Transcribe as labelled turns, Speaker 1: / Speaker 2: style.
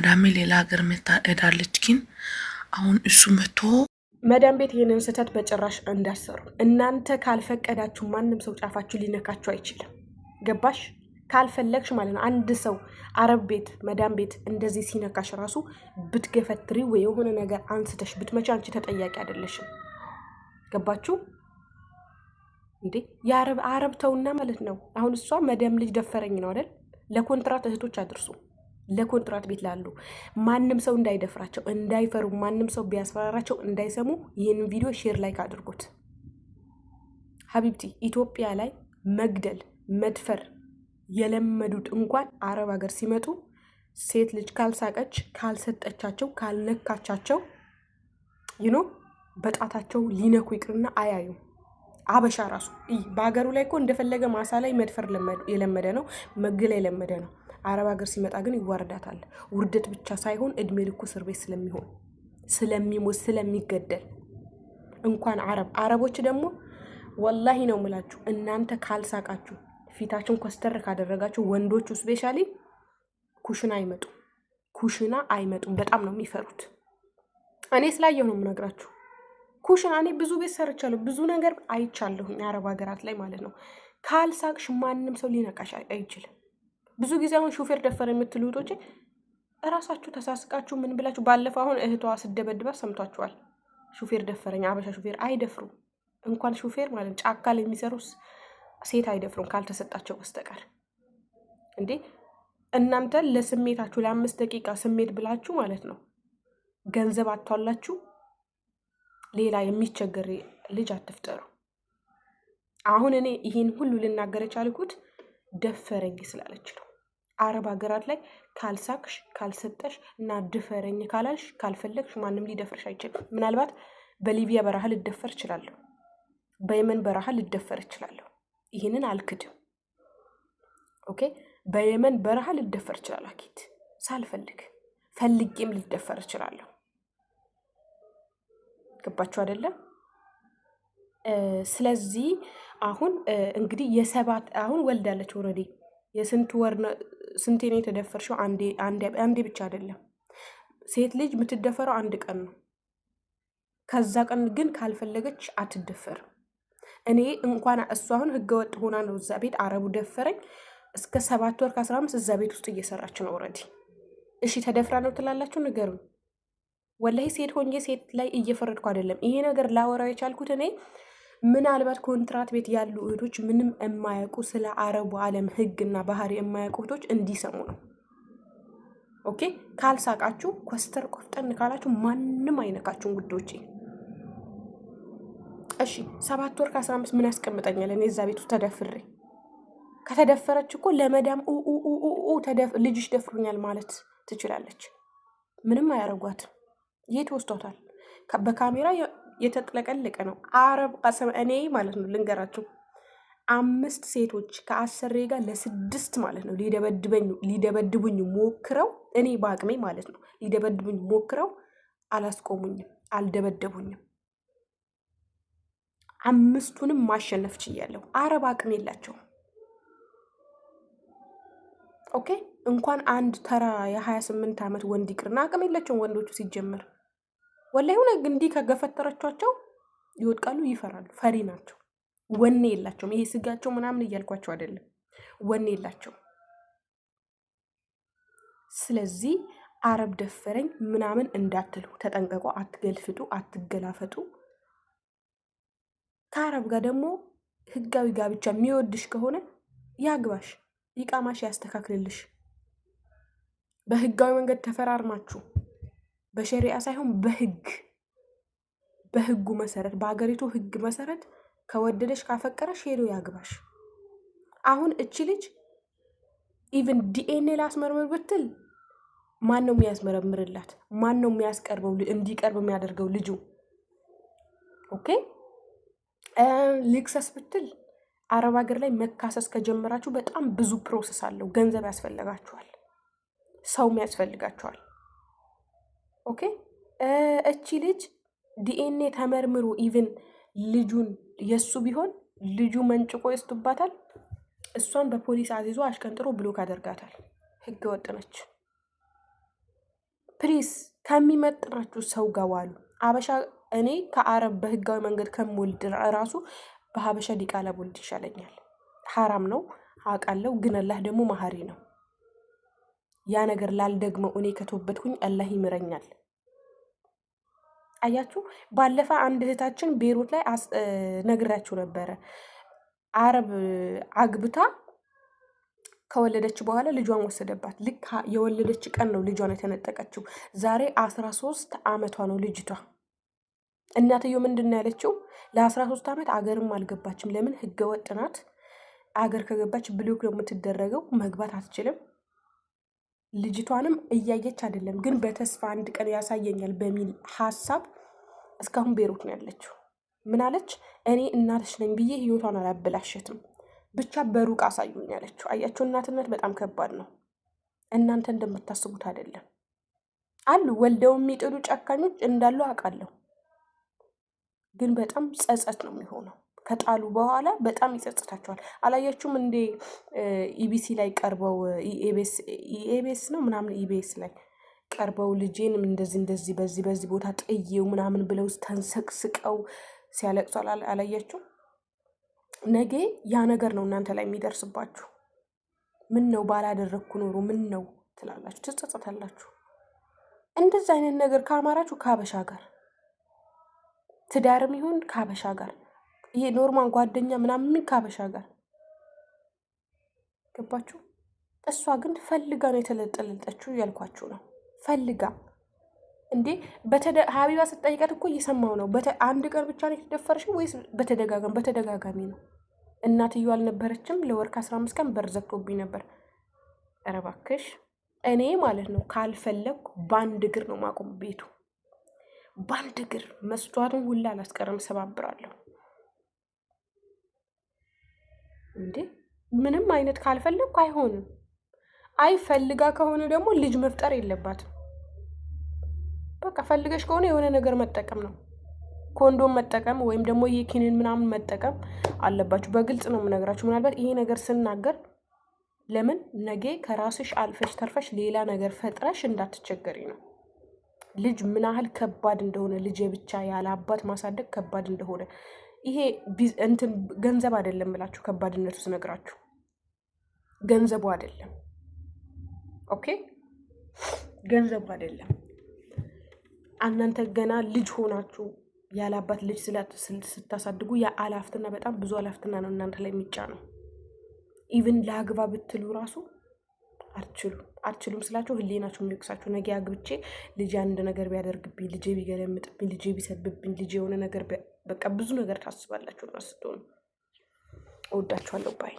Speaker 1: ማዳሜ ሌላ ሀገር መታ ግን አሁን እሱ መቶ
Speaker 2: መዳም ቤት ይህንን ስህተት በጭራሽ እንዳሰሩ እናንተ ካልፈቀዳችሁ ማንም ሰው ጫፋችሁ ሊነካችሁ አይችልም። ገባሽ? ካልፈለግሽ ማለት ነው። አንድ ሰው አረብ ቤት መዳም ቤት እንደዚህ ሲነካሽ ራሱ ብትገፈትሪ ወይ የሆነ ነገር አንስተሽ ብትመቻ አንቺ ተጠያቂ አይደለሽም። ገባችሁ እንዴ? የአረብ አረብ ተውና ማለት ነው። አሁን እሷ መዳም ልጅ ደፈረኝ ነው አይደል? ለኮንትራት እህቶች አድርሱ። ለኮንትራት ቤት ላሉ ማንም ሰው እንዳይደፍራቸው፣ እንዳይፈሩ፣ ማንም ሰው ቢያስፈራራቸው እንዳይሰሙ ይህንን ቪዲዮ ሼር ላይክ አድርጉት። ሀቢብቲ ኢትዮጵያ ላይ መግደል መድፈር የለመዱት እንኳን አረብ ሀገር ሲመጡ ሴት ልጅ ካልሳቀች፣ ካልሰጠቻቸው፣ ካልነካቻቸው ይኖ በጣታቸው ሊነኩ ይቅርና አያዩ። አበሻ ራሱ በሀገሩ ላይ እኮ እንደፈለገ ማሳ ላይ መድፈር የለመደ ነው፣ መግደል የለመደ ነው። አረብ ሀገር ሲመጣ ግን ይዋርዳታል። ውርደት ብቻ ሳይሆን እድሜ ልኩ እስር ቤት ስለሚሆን ስለሚሞት ስለሚገደል እንኳን አረብ አረቦች ደግሞ ወላሂ ነው ምላችሁ፣ እናንተ ካልሳቃችሁ ፊታችን ኮስተር ካደረጋችሁ ወንዶቹ ስፔሻሊ ኩሽና አይመጡም። ኩሽና አይመጡም። በጣም ነው የሚፈሩት። እኔ ስላየሁ ነው የምነግራችሁ። ኩሽና እኔ ብዙ ቤት ሰርቻለሁ፣ ብዙ ነገር አይቻለሁ፣ የአረብ ሀገራት ላይ ማለት ነው። ካልሳቅሽ ማንም ሰው ሊነቃሽ አይችልም። ብዙ ጊዜ አሁን ሹፌር ደፈር የምትሉ እህቶቼ እራሳችሁ ተሳስቃችሁ ምን ብላችሁ፣ ባለፈው አሁን እህቷ ስደበድባ ሰምቷችኋል። ሹፌር ደፈረኝ። አበሻ ሹፌር አይደፍሩም። እንኳን ሹፌር ማለት ጫካ ላይ የሚሰሩ ሴት አይደፍሩም ካልተሰጣቸው በስተቀር እንዴ። እናንተ ለስሜታችሁ ለአምስት ደቂቃ ስሜት ብላችሁ ማለት ነው ገንዘብ አቷላችሁ ሌላ የሚቸገር ልጅ አትፍጠሩ። አሁን እኔ ይህን ሁሉ ልናገር የቻልኩት ደፈረኝ ስላለች ነው። አረብ ሀገራት ላይ ካልሳክሽ ካልሰጠሽ እና ድፈረኝ ካላልሽ ካልፈለግሽ ማንም ሊደፍርሽ አይችልም። ምናልባት በሊቢያ በረሃ ልደፈር እችላለሁ፣ በየመን በረሃ ልደፈር እችላለሁ። ይህንን አልክድም። ኦኬ፣ በየመን በረሃ ልደፈር እችላለሁ። አኪት ሳልፈልግ ፈልጌም ልደፈር እችላለሁ። ገባችሁ አይደለም? ስለዚህ አሁን እንግዲህ የሰባት አሁን ወልዳለች ወረዴ የስንት ወር ስንቴ ነው የተደፈርሽው? አንዴ ብቻ አይደለም። ሴት ልጅ የምትደፈረው አንድ ቀን ነው። ከዛ ቀን ግን ካልፈለገች አትደፈርም። እኔ እንኳን እሱ አሁን ህገወጥ ሆና ነው እዛ ቤት አረቡ ደፈረኝ። እስከ ሰባት ወር ከአስራ አምስት እዛ ቤት ውስጥ እየሰራች ነው ኦልሬዲ። እሺ ተደፍራ ነው ትላላችሁ? ንገሩኝ። ወላሂ ሴት ሆኜ ሴት ላይ እየፈረድኩ አይደለም። ይሄ ነገር ላወራው የቻልኩት እኔ ምናልባት ኮንትራት ቤት ያሉ እህቶች ምንም የማያውቁ ስለ አረቡ ዓለም እና ባህሪ የማያውቁ እህቶች እንዲሰሙ ነው። ኦኬ ካልሳቃችሁ፣ ኮስተር ቆፍጠን ካላችሁ ማንም አይነካችሁም ውዶቼ። እሺ ሰባት ወር ከአስራ አምስት ምን ያስቀምጠኛል? እኔ እዛ ቤቱ ተደፍሬ ከተደፈረች እኮ ለመዳም ልጅሽ ደፍሩኛል ማለት ትችላለች። ምንም አያረጓትም። የት ወስዷታል? በካሜራ የተጥለቀለቀ ነው። አረብ ቀሰም እኔ ማለት ነው ልንገራችሁ፣ አምስት ሴቶች ከአሰሬ ጋር ለስድስት ማለት ነው ሊደበድበኝ ሊደበድቡኝ ሞክረው እኔ በአቅሜ ማለት ነው ሊደበድቡኝ ሞክረው አላስቆሙኝም፣ አልደበደቡኝም። አምስቱንም ማሸነፍ ችያለሁ። አረብ አቅም የላቸውም። ኦኬ እንኳን አንድ ተራ የ28 ዓመት ወንድ ይቅርና አቅም የላቸውም ወንዶቹ ሲጀመር ወላ ሆነ እንዲህ ከገፈተረቻቸው ይወድቃሉ፣ ይፈራሉ። ፈሪ ናቸው። ወኔ የላቸውም። ይሄ ስጋቸው ምናምን እያልኳቸው አይደለም፣ ወኔ የላቸውም። ስለዚህ አረብ ደፈረኝ ምናምን እንዳትሉ ተጠንቀቁ። አትገልፍጡ፣ አትገላፈጡ። ከአረብ ጋር ደግሞ ህጋዊ ጋብቻ የሚወድሽ ከሆነ ያግባሽ፣ ይቃማሽ ያስተካክልልሽ። በህጋዊ መንገድ ተፈራርማችሁ በሸሪያ ሳይሆን በህግ በህጉ መሰረት በሀገሪቱ ህግ መሰረት ከወደደሽ ካፈቀረሽ ሄዶ ያግባሽ። አሁን እቺ ልጅ ኢቨን ዲኤንኤ ላስመርምር ብትል ማን ነው የሚያስመረምርላት? ማን ነው የሚያስቀርበው? እንዲቀርብ የሚያደርገው ልጁ። ኦኬ ልክሰስ ብትል አረብ ሀገር ላይ መካሰስ ከጀመራችሁ በጣም ብዙ ፕሮሰስ አለው። ገንዘብ ያስፈልጋችኋል፣ ሰውም ያስፈልጋችኋል። ኦኬ እቺ ልጅ ዲኤንኤ ተመርምሮ ኢቭን ልጁን የእሱ ቢሆን ልጁ መንጭቆ ይስጡባታል። እሷን በፖሊስ አዚዞ አሽቀንጥሮ ብሎክ አደርጋታል። ህገ ወጥ ነች። ፕሊስ ከሚመጥናችሁ ሰው ጋር ዋሉ። አበሻ እኔ ከአረብ በህጋዊ መንገድ ከምወልድ ራሱ በሀበሻ ዲቃላ ቦልድ ይሻለኛል። ሀራም ነው አውቃለሁ፣ ግን አላህ ደግሞ መሀሪ ነው። ያ ነገር ላልደግመው እኔ ከቶበትኩኝ አላህ ይምረኛል። አያችሁ፣ ባለፈ አንድ እህታችን ቤሮት ላይ ነግራችሁ ነበረ። አረብ አግብታ ከወለደች በኋላ ልጇን ወሰደባት። ልክ የወለደች ቀን ነው ልጇን የተነጠቀችው። ዛሬ አስራ ሶስት አመቷ ነው ልጅቷ። እናትዮ ምንድን ያለችው ለአስራ ሶስት አመት አገርም አልገባችም። ለምን? ህገወጥ ናት። አገር ከገባች ብሎክ የምትደረገው። መግባት አትችልም። ልጅቷንም እያየች አይደለም፣ ግን በተስፋ አንድ ቀን ያሳየኛል በሚል ሀሳብ እስካሁን ቤሩት ነው ያለችው። ምን አለች? እኔ እናትሽ ነኝ ብዬ ህይወቷን አላበላሸትም፣ ብቻ በሩቅ አሳዩኝ ያለችው። አያቸው፣ እናትነት በጣም ከባድ ነው። እናንተ እንደምታስቡት አይደለም። አሉ ወልደው የሚጥሉ ጨካኞች እንዳሉ አውቃለሁ፣ ግን በጣም ጸጸት ነው የሚሆነው። ከጣሉ በኋላ በጣም ይጸጽታቸዋል። አላያችሁም እንዴ ኢቢሲ ላይ ቀርበው ኢኤቤስ ነው ምናምን ኢቤስ ላይ ቀርበው ልጄንም እንደዚህ እንደዚህ በዚህ በዚህ ቦታ ጥዬው ምናምን ብለው ተንሰቅስቀው ሲያለቅሱ አላያችሁም? ነገ ያ ነገር ነው እናንተ ላይ የሚደርስባችሁ። ምን ነው ባላደረግኩ ኖሮ ምን ነው ትላላችሁ፣ ትጸጸታላችሁ። እንደዚህ አይነት ነገር ከአማራችሁ ከአበሻ ጋር ትዳርም ይሁን ከአበሻ ጋር ይሄ ኖርማል ጓደኛ ምናምን ካበሻ ጋር ገባችሁ። እሷ ግን ፈልጋ ነው የተለጠለጠችው እያልኳችሁ ነው። ፈልጋ እንዴ ሀቢባ ስጠይቀት እኮ እየሰማው ነው። አንድ ቀን ብቻ ነው የተደፈረሽ ወይስ በተደጋጋሚ በተደጋጋሚ ነው? እናትዮ አልነበረችም። ለወር ከአስራ አምስት ቀን በር ዘግቶብኝ ነበር። ኧረ እባክሽ እኔ ማለት ነው ካልፈለግኩ በአንድ እግር ነው ማቆም ቤቱ በአንድ እግር መስጧትን ሁላ አላስቀርም፣ ሰባብራለሁ። እንዴ ምንም አይነት ካልፈለግኩ አይሆንም። አይ ፈልጋ ከሆነ ደግሞ ልጅ መፍጠር የለባትም። በቃ ፈልገሽ ከሆነ የሆነ ነገር መጠቀም ነው፣ ኮንዶም መጠቀም ወይም ደግሞ የኪንን ምናምን መጠቀም አለባችሁ። በግልጽ ነው የምነግራችሁ። ምናልባት ይሄ ነገር ስናገር ለምን ነገ ከራስሽ አልፈሽ ተርፈሽ ሌላ ነገር ፈጥረሽ እንዳትቸገሪ ነው። ልጅ ምን ያህል ከባድ እንደሆነ ልጅ ብቻ ያለ አባት ማሳደግ ከባድ እንደሆነ ይሄ እንትን ገንዘብ አይደለም ብላችሁ ከባድነቱ ስነግራችሁ ገንዘቡ አይደለም። ኦኬ ገንዘቡ አይደለም። እናንተ ገና ልጅ ሆናችሁ ያለ አባት ልጅ ስታሳድጉ ያለ በጣም ብዙ አላፍትና ነው እናንተ ላይ የሚጫ ነው። ኢቭን ለአግባ ብትሉ ራሱ አትችሉም። አትችሉም ስላችሁ ህሊናችሁ የሚወቅሳችሁ ነገ አግብቼ ልጅ አንድ ነገር ቢያደርግብኝ፣ ልጄ ቢገለምጥብኝ፣ ልጄ ቢሰብብኝ፣ ልጄ የሆነ ነገር በቃ ብዙ ነገር ታስባላችሁ እና ስትሆኑ እወዳችኋለሁ ባይ